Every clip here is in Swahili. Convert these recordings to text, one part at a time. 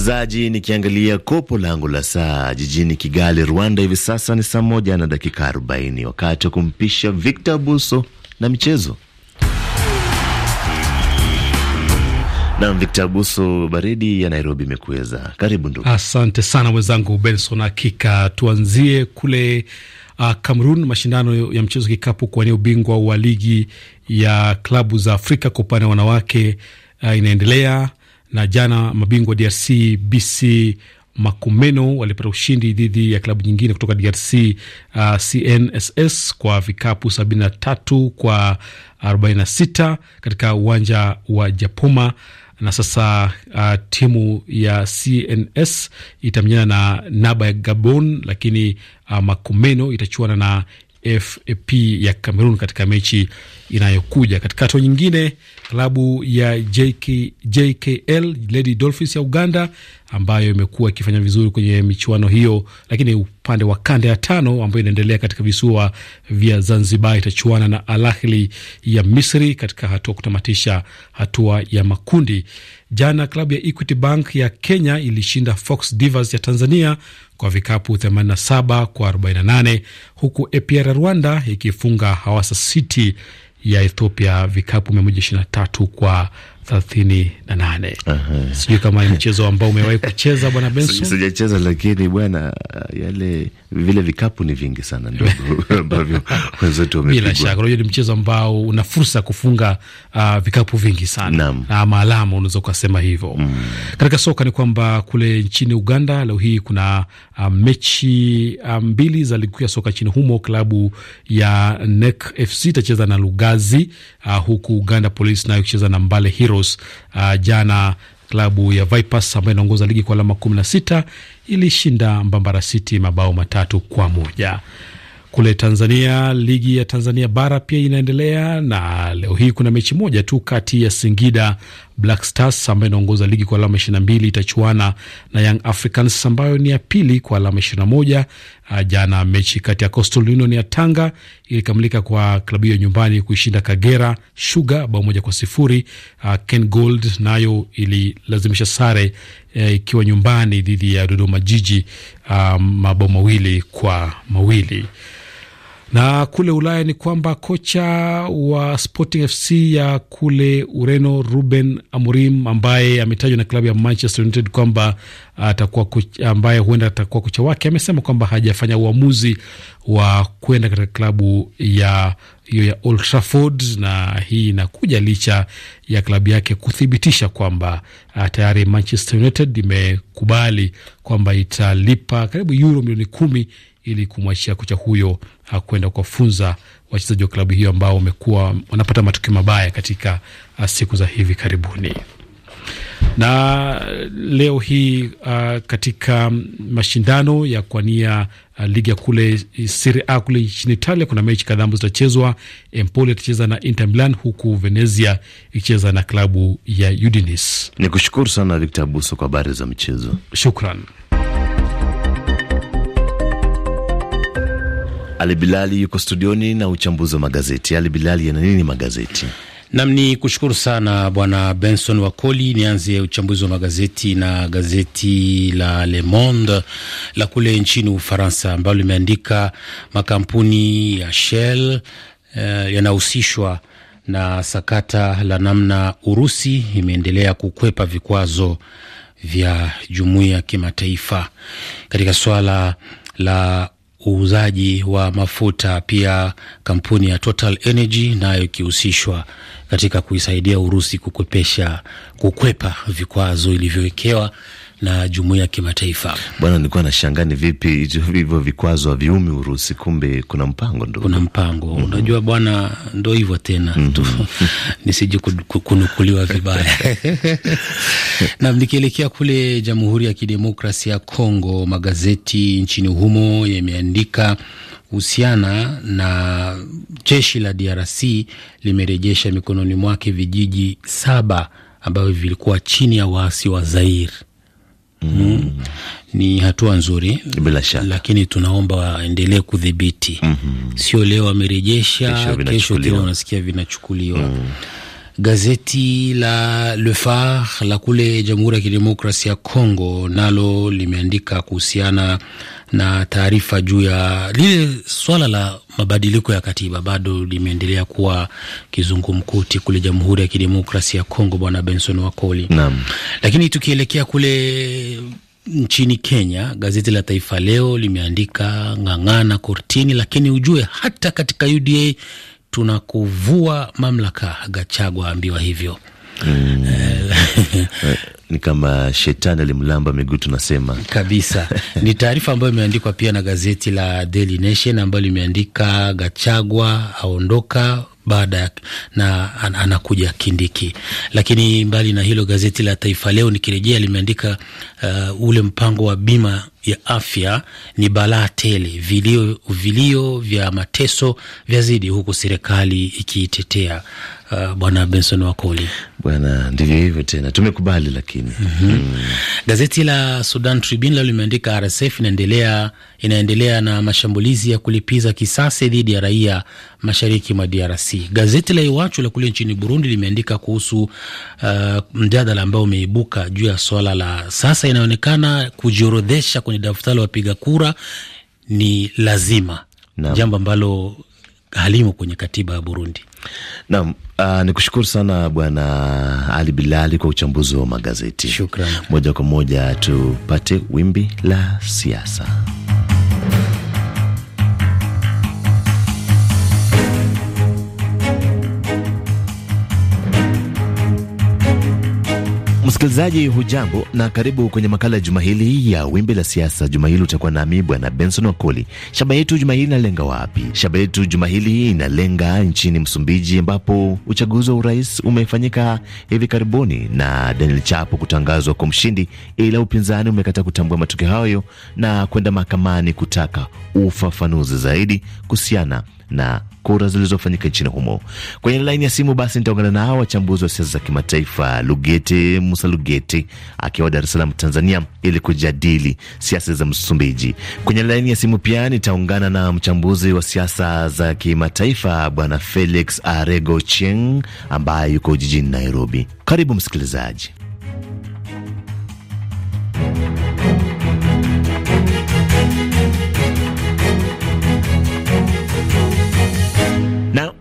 msikilizaji, nikiangalia kopo langu la saa jijini Kigali, Rwanda, hivi sasa ni saa moja na dakika arobaini wakati wa kumpisha Victor Buso na michezo. Nam Victor Buso, baridi ya Nairobi imekuweza. Karibu ndugu. Asante sana mwenzangu Benson. Hakika tuanzie kule uh, Cameroon, mashindano ya mchezo kikapu kuwania ubingwa wa ligi ya klabu za Afrika kwa upande wa wanawake uh, inaendelea na jana mabingwa DRC BC Makumeno walipata ushindi dhidi ya klabu nyingine kutoka DRC uh, CNSS kwa vikapu 73 kwa 46 katika uwanja wa Japoma na sasa uh, timu ya CNS itamenyana na Naba ya Gabon, lakini uh, Makumeno itachuana na FAP ya Cameroon katika mechi inayokuja. Katika hatua nyingine, klabu ya JK, JKL Lady Dolphins ya Uganda ambayo imekuwa ikifanya vizuri kwenye michuano hiyo, lakini upande wa kanda ya tano ambayo inaendelea katika visiwa vya Zanzibar itachuana na Al Ahly ya Misri katika hatua kutamatisha hatua ya makundi. Jana klabu ya Equity Bank ya Kenya ilishinda Fox Divers ya Tanzania kwa vikapu 87 kwa 48, huku APR Rwanda ikifunga Hawasa City ya Ethiopia vikapu 123 kwa thelathini na nane. Sijui kama ni mchezo ambao umewahi kucheza bwana Benson. Sijacheza, lakini bwana yale vile vikapu ni vingi sana ndogo ambavyo wenzetu wamepigwa. Bila shaka, unajua ni mchezo ambao una fursa kufunga uh, vikapu vingi sana na uh, ah, maalamu unaweza ukasema hivyo mm. Katika soka ni kwamba kule nchini Uganda leo hii kuna uh, mechi uh, mbili za ligi ya soka nchini humo. Klabu ya NEC FC itacheza na Lugazi uh, huku Uganda Police nayo ikicheza na Mbale Heroes uh, jana Klabu ya Vipers ambayo inaongoza ligi kwa alama 16 ilishinda Mbambara City mabao matatu kwa moja. Kule Tanzania, ligi ya Tanzania bara pia inaendelea, na leo hii kuna mechi moja tu kati ya Singida Black Stars ambayo inaongoza ligi kwa alama mbili itachuana na Young Africans ambayo ni ya pili kwa alama 21. Ah, jana mechi kati ya Coastal Union ya Tanga ilikamilika kwa klabu hiyo nyumbani kuishinda Kagera Sugar bao moja kwa sifuri. Uh, Ken Gold nayo ililazimisha sare eh, ikiwa nyumbani dhidi ya Dodoma Jiji uh, mabao mawili kwa mawili. Na kule Ulaya ni kwamba kocha wa Sporting FC ya kule Ureno Ruben Amorim ambaye ametajwa na klabu ya Manchester United kwamba atakuwa kocha, ambaye huenda atakuwa kocha wake amesema kwamba hajafanya uamuzi wa kwenda katika klabu ya hiyo ya Old Trafford, na hii inakuja licha ya klabu yake kuthibitisha kwamba ah, tayari Manchester United imekubali kwamba italipa karibu euro milioni kumi ili kumwachia kocha huyo kwenda kuwafunza wachezaji wa klabu hiyo ambao wamekuwa wanapata matokeo mabaya katika uh, siku za hivi karibuni. Na leo hii uh, katika mashindano ya kuania uh, ligi ya kule Serie A kule nchini Italia kuna mechi kadhaa ambazo zitachezwa. Empoli atacheza na Inter Milan huku Venezia ikicheza na klabu ya Udinese. Ni kushukuru sana Victor abuso kwa habari za michezo, shukran. Ali Bilali yuko studioni na uchambuzi wa magazeti. Ali Bilali, yana nini magazeti? Nam ni kushukuru sana bwana Benson Wakoli. Nianze uchambuzi wa magazeti na gazeti la Le Monde la kule nchini Ufaransa ambalo limeandika makampuni ya Shell eh, yanahusishwa na sakata la namna Urusi imeendelea kukwepa vikwazo vya jumuiya ya kimataifa katika swala la uuzaji wa mafuta, pia kampuni ya Total Energy nayo ikihusishwa katika kuisaidia Urusi kukwepesha kukwepa vikwazo ilivyowekewa na jumuiya ya kimataifa. Bwana, nilikuwa nashangaa ni vipi hivyo vikwazo haviumi Urusi, kumbe kuna mpango ndugu. Kuna mpango mm -hmm. Unajua bwana, ndo hivyo tena mm -hmm. nisije kunukuliwa vibaya nam. Nikielekea kule Jamhuri ya Kidemokrasia ya Kongo, magazeti nchini humo yameandika kuhusiana na jeshi la DRC limerejesha mikononi mwake vijiji saba ambavyo vilikuwa chini ya waasi wa Zair. Mm. Ni hatua nzuri bila shaka, lakini tunaomba waendelee kudhibiti. mm -hmm. Sio leo wamerejesha, kesho tena unasikia vinachukuliwa. mm. Gazeti la Le Phare la kule Jamhuri ya Kidemokrasia ya congo nalo limeandika kuhusiana na taarifa juu ya lile swala la mabadiliko ya katiba bado limeendelea kuwa kizungumkuti kule Jamhuri ya Kidemokrasia ya Kongo, Bwana Benson Wakoli. Naam. Lakini tukielekea kule nchini Kenya, gazeti la Taifa Leo limeandika ng'ang'ana kortini, lakini ujue hata katika UDA tunakuvua mamlaka, Gachagua ambiwa hivyo mm. Eh, ni kama shetani alimlamba miguu, tunasema kabisa. Ni taarifa ambayo imeandikwa pia na gazeti la Daily Nation ambayo limeandika Gachagua aondoka baada na an, anakuja Kindiki. Lakini mbali na hilo, gazeti la Taifa Leo nikirejea limeandika uh, ule mpango wa bima ya afya ni balaa tele, vilio vilio vya mateso vyazidi, huku serikali ikiitetea uh, Bwana Benson Wakoli. Bwana, ndivyo hivyo tena, tumekubali lakini. mm -hmm. mm. Gazeti la Sudan Tribune lao limeandika RSF inaendelea inaendelea na mashambulizi ya kulipiza kisasi dhidi ya raia mashariki mwa DRC. Gazeti la Iwachu la kule nchini Burundi limeandika kuhusu uh, mjadala ambao umeibuka juu ya swala la sasa inaonekana kujiorodhesha kwenye daftari la wapiga kura ni lazima, jambo ambalo halimo kwenye katiba ya Burundi. Naam, uh, ah, ni kushukuru sana Bwana Ali Bilali kwa uchambuzi wa magazeti. Shukrani. Moja kwa moja tupate wimbi la siasa. Msikilizaji hujambo na karibu kwenye makala ya juma hili ya wimbi la siasa. Juma hili utakuwa nami bwana Benson Wakoli. Shaba yetu juma hili inalenga wapi? Shaba yetu juma hili inalenga nchini Msumbiji, ambapo uchaguzi wa urais umefanyika hivi karibuni na Daniel Chapo kutangazwa kwa mshindi, ila upinzani umekataa kutambua matokeo hayo na kwenda mahakamani kutaka ufafanuzi zaidi kuhusiana na kura zilizofanyika nchini humo. Kwenye laini ya simu basi nitaungana nao wachambuzi wa siasa za kimataifa, Lugete Musa Lugete akiwa Dar es Salaam, Tanzania, ili kujadili siasa za Msumbiji. Kwenye laini ya simu pia nitaungana na mchambuzi wa siasa za kimataifa Bwana Felix Arego Cheng ambaye yuko jijini Nairobi. Karibu msikilizaji.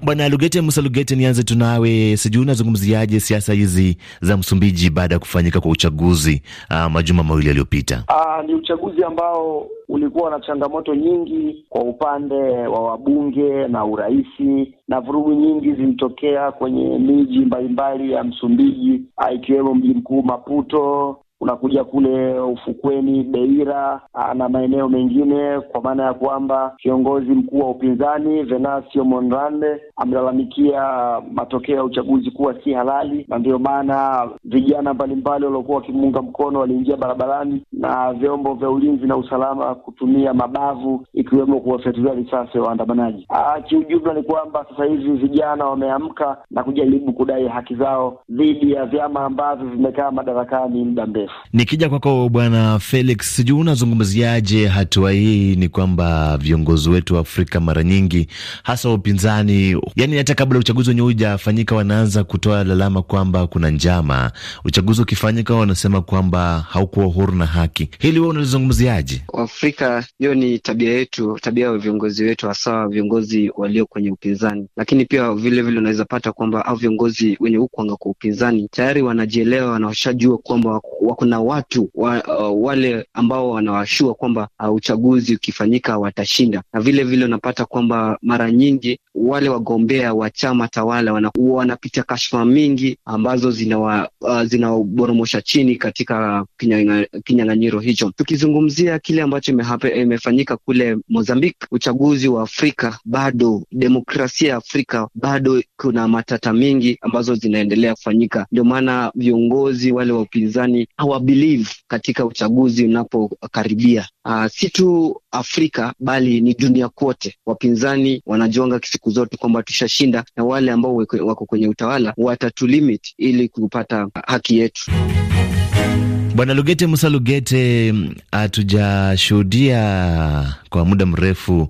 Bwana Lugete, Musa Lugete, nianze tu nawe, sijui unazungumziaje siasa hizi za Msumbiji baada ya kufanyika kwa uchaguzi uh, majuma mawili yaliyopita? Ah, ni uchaguzi ambao ulikuwa na changamoto nyingi kwa upande wa wabunge na urahisi na vurugu nyingi zilitokea kwenye miji mbalimbali ya Msumbiji, ah, ikiwemo mji mkuu Maputo unakuja kule ufukweni Beira na maeneo mengine, kwa maana ya kwamba kiongozi mkuu wa upinzani Venancio Mondlane amelalamikia matokeo ya uchaguzi kuwa si halali, na ndiyo maana vijana mbalimbali waliokuwa wakimuunga mkono waliingia barabarani na vyombo vya ulinzi na usalama kutumia mabavu, ikiwemo kuwafyatulia risasi ya waandamanaji. Ah, kiujumla ni kwamba sasa hivi vijana wameamka na kujaribu kudai haki zao dhidi ya vyama ambavyo vimekaa madarakani muda mrefu. Nikija kwako Bwana Felix, sijui unazungumziaje hatua hii? Ni kwamba viongozi wetu wa Afrika mara nyingi, hasa upinzani yani hata kabla uchaguzi wenyewe hujafanyika wanaanza kutoa lalama kwamba kuna njama. Uchaguzi ukifanyika wanasema kwamba haukuwa uhuru na haki. Hili wewe unalizungumziaje? Afrika hiyo ni tabia yetu, tabia ya viongozi wetu, hasa viongozi walio kwenye upinzani, lakini pia vilevile unaweza pata kwamba au viongozi wenye ukwanga kwa upinzani tayari wanajielewa, wanashajua kwamba wako na watu wa, uh, wale ambao wanawashua kwamba uh, uchaguzi ukifanyika watashinda, na vilevile unapata kwamba mara nyingi wale wagombea wa chama tawala wanakuwa wanapitia kashfa mingi ambazo uh, zinawaboromosha uh, zina chini katika kinyang'anyiro hicho. Tukizungumzia kile ambacho imefanyika kule Mozambique, uchaguzi wa Afrika bado, demokrasia ya Afrika bado kuna matata mengi ambazo zinaendelea kufanyika. Ndio maana viongozi wale wa upinzani hawabelieve katika uchaguzi unapokaribia. Uh, si tu Afrika bali ni dunia kote. Wapinzani wanajonga siku zote kwamba tushashinda, na wale ambao wako kwenye utawala watatulimit ili kupata haki yetu. Bwana Lugete Musa Lugete, hatujashuhudia kwa muda mrefu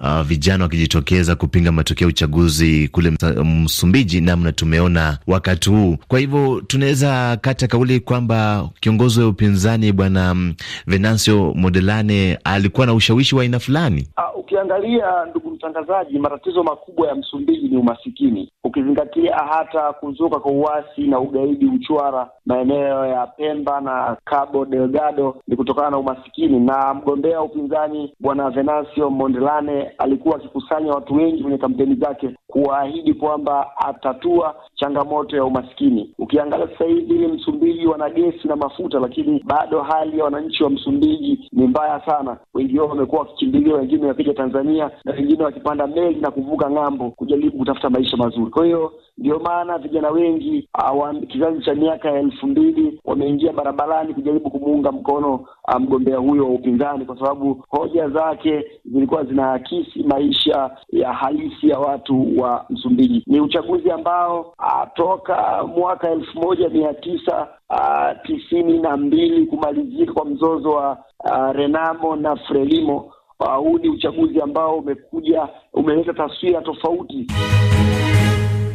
uh, vijana wakijitokeza kupinga matokeo ya uchaguzi kule Msumbiji, namna tumeona wakati huu. Kwa hivyo tunaweza kata kauli kwamba kiongozi wa upinzani bwana mm, Venancio Modelane alikuwa na ushawishi wa aina fulani. Ah, ukiangalia ndugu mtangazaji, matatizo makubwa ya Msumbiji ni umasikini, ukizingatia hata kuzuka kwa uasi na ugaidi uchwara maeneo ya Pemba na Cabo Delgado ni kutokana na umasikini, na mgombea upinzani Bwana Venancio Mondlane alikuwa akikusanya watu wengi kwenye kampeni zake kuwaahidi kwamba atatua changamoto ya umasikini. Ukiangalia sasa hivi Msumbiji wana gesi na mafuta, lakini bado hali ya wananchi wa Msumbiji ni mbaya sana. Wengi wao wamekuwa wakikimbilia, wengine wakija Tanzania na wengine wakipanda meli na kuvuka ng'ambo kujaribu kutafuta maisha mazuri. Kwa hiyo ndio maana vijana wengi ah, kizazi cha miaka ya elfu mbili wameingia barabarani kujaribu kumuunga mkono ah, mgombea huyo wa upinzani, kwa sababu hoja zake zilikuwa zinaakisi maisha ya halisi ya watu wa Msumbiji. Ni uchaguzi ambao ah, toka mwaka elfu moja mia tisa tisini na mbili kumalizika kwa mzozo wa a, Renamo na Frelimo, huu ni uchaguzi ambao umekuja umeleta taswira tofauti.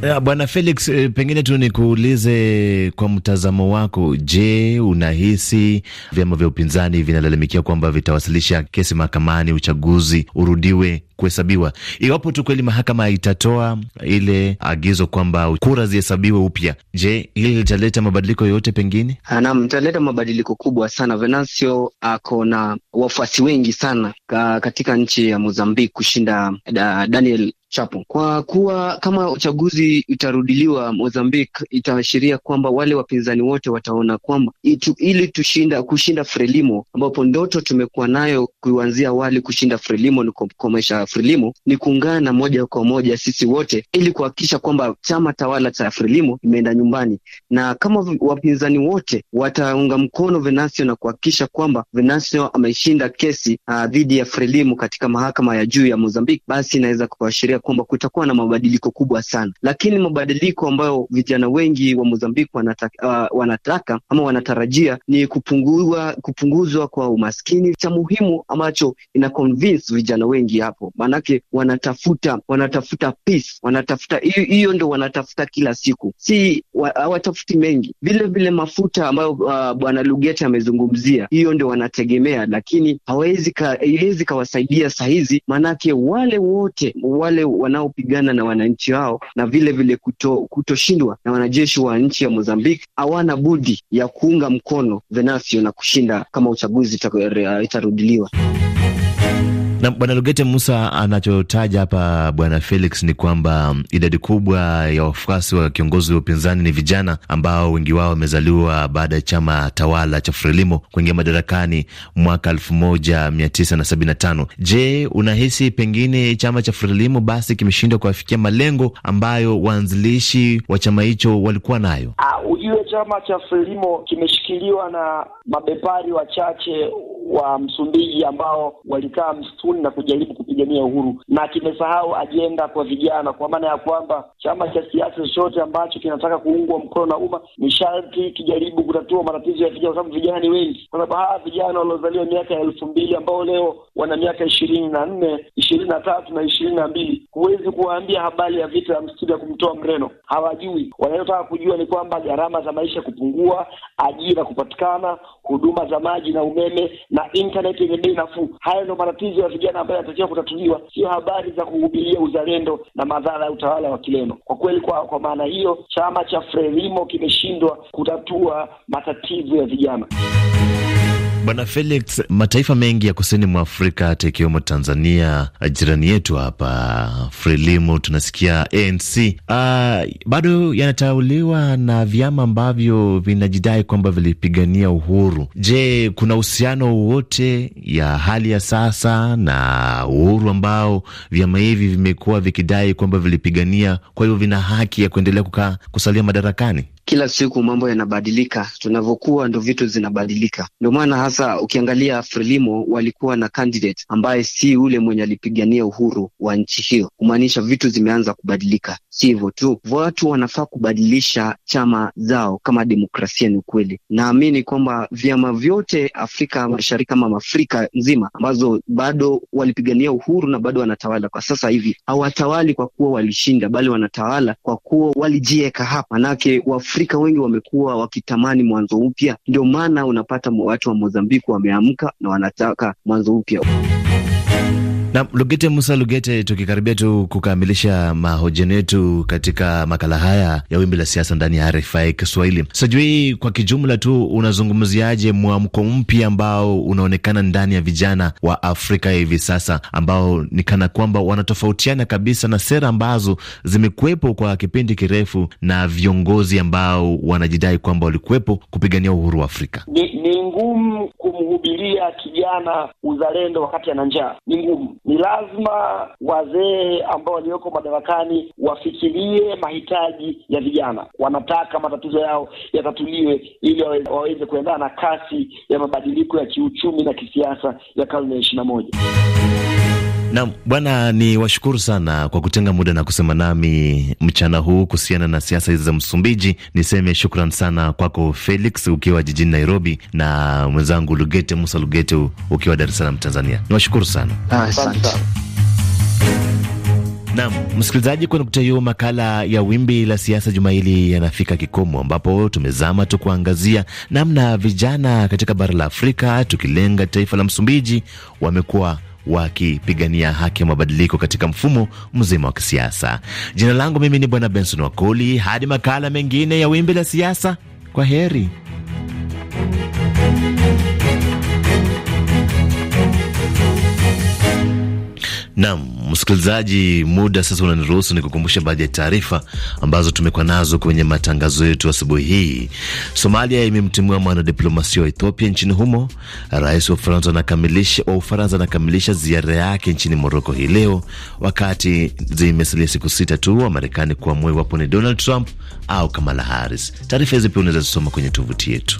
Eh, Bwana Felix, eh, pengine tu nikuulize kwa mtazamo wako, je, unahisi vyama vya upinzani vinalalamikia kwamba vitawasilisha kesi mahakamani uchaguzi urudiwe kuhesabiwa iwapo tu kweli mahakama itatoa ile agizo kwamba kura zihesabiwe upya? Je, hili litaleta mabadiliko yoyote? Pengine ah, naam, italeta mabadiliko kubwa sana. Venancio ako na wafuasi wengi sana katika nchi ya Mozambique kushinda eh, da Daniel Chapo. Kwa kuwa kama uchaguzi utarudiliwa, Mozambique itaashiria kwamba wale wapinzani wote wataona kwamba itu, ili tushinda kushinda Frelimo, ambapo ndoto tumekuwa nayo kuanzia awali kushinda Frelimo ni kukomesha Frelimo, ni kuungana moja kwa moja sisi wote ili kuhakikisha kwamba chama tawala cha Frelimo imeenda nyumbani, na kama wapinzani wote wataunga mkono Venancio na kuhakikisha kwamba Venancio ameshinda kesi ah, dhidi ya Frelimo katika mahakama ya juu ya Mozambique, basi inaweza kuashiria kwamba kutakuwa na mabadiliko kubwa sana, lakini mabadiliko ambayo vijana wengi wa Mozambiki wanataka, uh, wanataka ama wanatarajia ni kupungua, kupunguzwa kwa umaskini, cha muhimu ambacho ina convince vijana wengi hapo, maanake wanatafuta wanatafuta peace, wanatafuta hiyo, ndo wanatafuta kila siku, si hawatafuti mengi. Vile vile mafuta ambayo uh, bwana lugeti amezungumzia, hiyo ndo wanategemea, lakini hawezi haiwezi kawasaidia sahizi, maanake wale wote wale wanaopigana na wananchi wao na vile vile kuto, kutoshindwa na wanajeshi wa nchi ya Mozambique, hawana budi ya kuunga mkono Venancio na kushinda kama uchaguzi itarudiliwa. Na Bwana Lugete Musa, anachotaja hapa Bwana Felix ni kwamba um, idadi kubwa ya wafuasi wa kiongozi wa upinzani ni vijana ambao wengi wao wamezaliwa baada ya chama tawala cha Frelimo kuingia madarakani mwaka 1975. Je, unahisi pengine chama cha Frelimo basi kimeshindwa kuwafikia malengo ambayo waanzilishi wa chama hicho walikuwa nayo? ujue ah, chama cha Frelimo kimeshikiliwa na mabepari wachache wa Msumbiji ambao walikaa msituni na kujaribu kupigania uhuru, na kimesahau ajenda kwa vijana, kwa maana ya kwamba chama cha siasa chochote ambacho kinataka kuungwa mkono na umma ni sharti kijaribu kutatua matatizo ya vijana, kwa sababu vijana ni wengi, kwa sababu hawa vijana waliozaliwa miaka ya elfu mbili ambao leo wana miaka ishirini na nne ishirini na tatu na ishirini na mbili huwezi kuwaambia habari ya vita ya msituni ya kumtoa mreno, hawajui. Wanayotaka kujua ni kwamba gharama za maisha kupungua, ajira kupatikana, huduma za maji na umeme na intaneti yenye bei nafuu. Hayo ndio matatizo ya vijana ambayo yanatakiwa kutatuliwa, sio habari za kuhubiria uzalendo na madhara ya utawala wa kileno. Kwa kweli, kwa, kwa maana hiyo chama cha Frelimo kimeshindwa kutatua matatizo ya vijana. Bwana Felix, mataifa mengi ya kusini mwa Afrika hata ikiwemo Tanzania eh, jirani yetu hapa, Frelimo tunasikia ANC, uh, ah, bado yanatauliwa na vyama ambavyo vinajidai kwamba vilipigania uhuru. Je, kuna uhusiano wowote ya hali ya sasa na uhuru ambao vyama hivi vimekuwa vikidai kwamba vilipigania, kwa hivyo vina haki ya kuendelea kukaa kusalia madarakani? kila siku mambo yanabadilika, tunavyokuwa ndo vitu zinabadilika. Ndio maana hasa ukiangalia Frelimo walikuwa na candidate ambaye si yule mwenye alipigania uhuru wa nchi hiyo, kumaanisha vitu zimeanza kubadilika. Si hivyo tu, watu wanafaa kubadilisha chama zao kama demokrasia ni ukweli. Naamini kwamba vyama vyote Afrika Mashariki ama Afrika nzima ambazo bado walipigania uhuru na bado wanatawala kwa sasa hivi, hawatawali kwa kuwa walishinda, bali wanatawala kwa kuwa walijieka hapa manake wa Waafrika wengi wamekuwa wakitamani mwanzo upya, ndio maana unapata watu wa Mozambiki wameamka na wanataka mwanzo upya. Na Lugete Musa Lugete, tukikaribia tu kukamilisha mahojiano yetu katika makala haya ya wimbi la siasa ndani ya RFI Kiswahili, sijui kwa kijumla tu unazungumziaje mwamko mpya ambao unaonekana ndani ya vijana wa Afrika hivi sasa ambao ni kana kwamba wanatofautiana kabisa na sera ambazo zimekuwepo kwa kipindi kirefu na viongozi ambao wanajidai kwamba walikuwepo kupigania uhuru wa Afrika? Ni, ni ngumu kumjengea kijana uzalendo wakati ana njaa ni ngumu. Ni lazima wazee ambao walioko madarakani wafikirie mahitaji ya vijana, wanataka matatizo yao yatatuliwe ili waweze kuendana na kasi ya mabadiliko ya kiuchumi na kisiasa ya karne ya ishirini na moja na bwana, ni washukuru sana kwa kutenga muda na kusema nami mchana huu kuhusiana na siasa hizi za Msumbiji. Niseme shukran sana kwako Felix ukiwa jijini Nairobi na mwenzangu Lugete Musa Lugete ukiwa Dar es Salaam, Tanzania. Ni washukuru sana, asante. Nam msikilizaji, kwa nukta hiyo, makala ya wimbi la siasa juma hili yanafika kikomo, ambapo tumezama tu kuangazia namna vijana katika bara la Afrika, tukilenga taifa la Msumbiji, wamekuwa wakipigania haki ya mabadiliko katika mfumo mzima wa kisiasa. Jina langu mimi ni Bwana Benson Wakoli. Hadi makala mengine ya Wimbi la Siasa, kwa heri. Nam Msikilizaji, muda sasa unaniruhusu ni kukumbusha baadhi ya taarifa ambazo tumekuwa nazo kwenye matangazo yetu asubuhi hii. Somalia imemtimua mwanadiplomasia wa Ethiopia nchini humo. Rais wa Ufaransa anakamilisha ziara yake nchini Moroko hii leo, wakati zimesalia siku sita tu wa Marekani kuamua iwapo ni Donald Trump au Kamala Harris. Taarifa hizi pia unaweza zisoma kwenye tovuti yetu.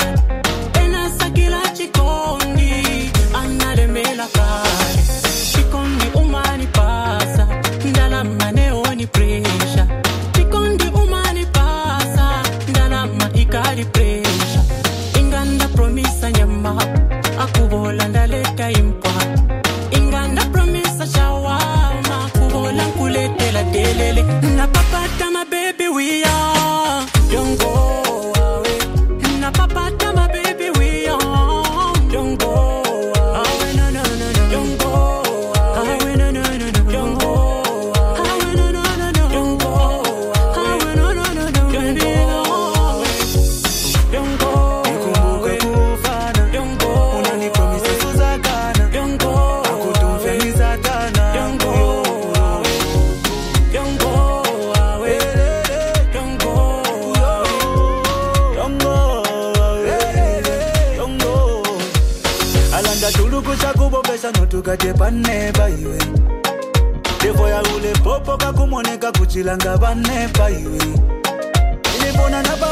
on another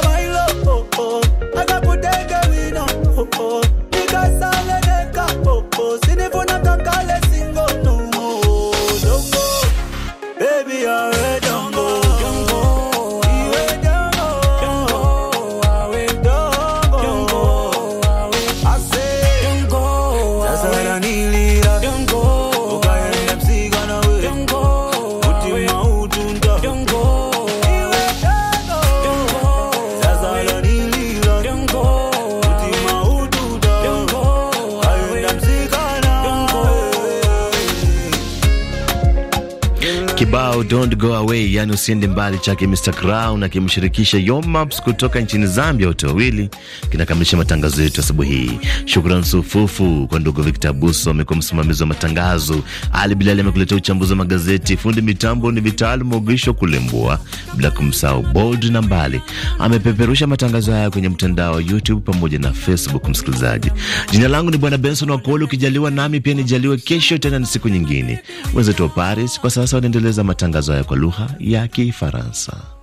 kibao don't go away, yani usiende mbali chake Mr Crown akimshirikisha Yomaps kutoka nchini Zambia. Wote wawili kinakamilisha matangazo yetu asubuhi hii. Shukran sufufu kwa ndugu Victor Buso, amekuwa msimamizi wa matangazo. Ali Bilali amekuletea uchambuzi wa magazeti. Fundi mitambo ni Vitali Mogisho Kulembua, bila kumsahau Bold na Mbali amepeperusha matangazo haya kwenye mtandao wa YouTube pamoja na Facebook. Msikilizaji, jina langu ni Bwana Benson Wakoli. Ukijaliwa nami pia nijaliwe kesho tena, ni siku nyingine. Wenzetu wa Paris kwa sasa wanaendeleza kusikiliza matangazo haya kwa lugha ya Kifaransa.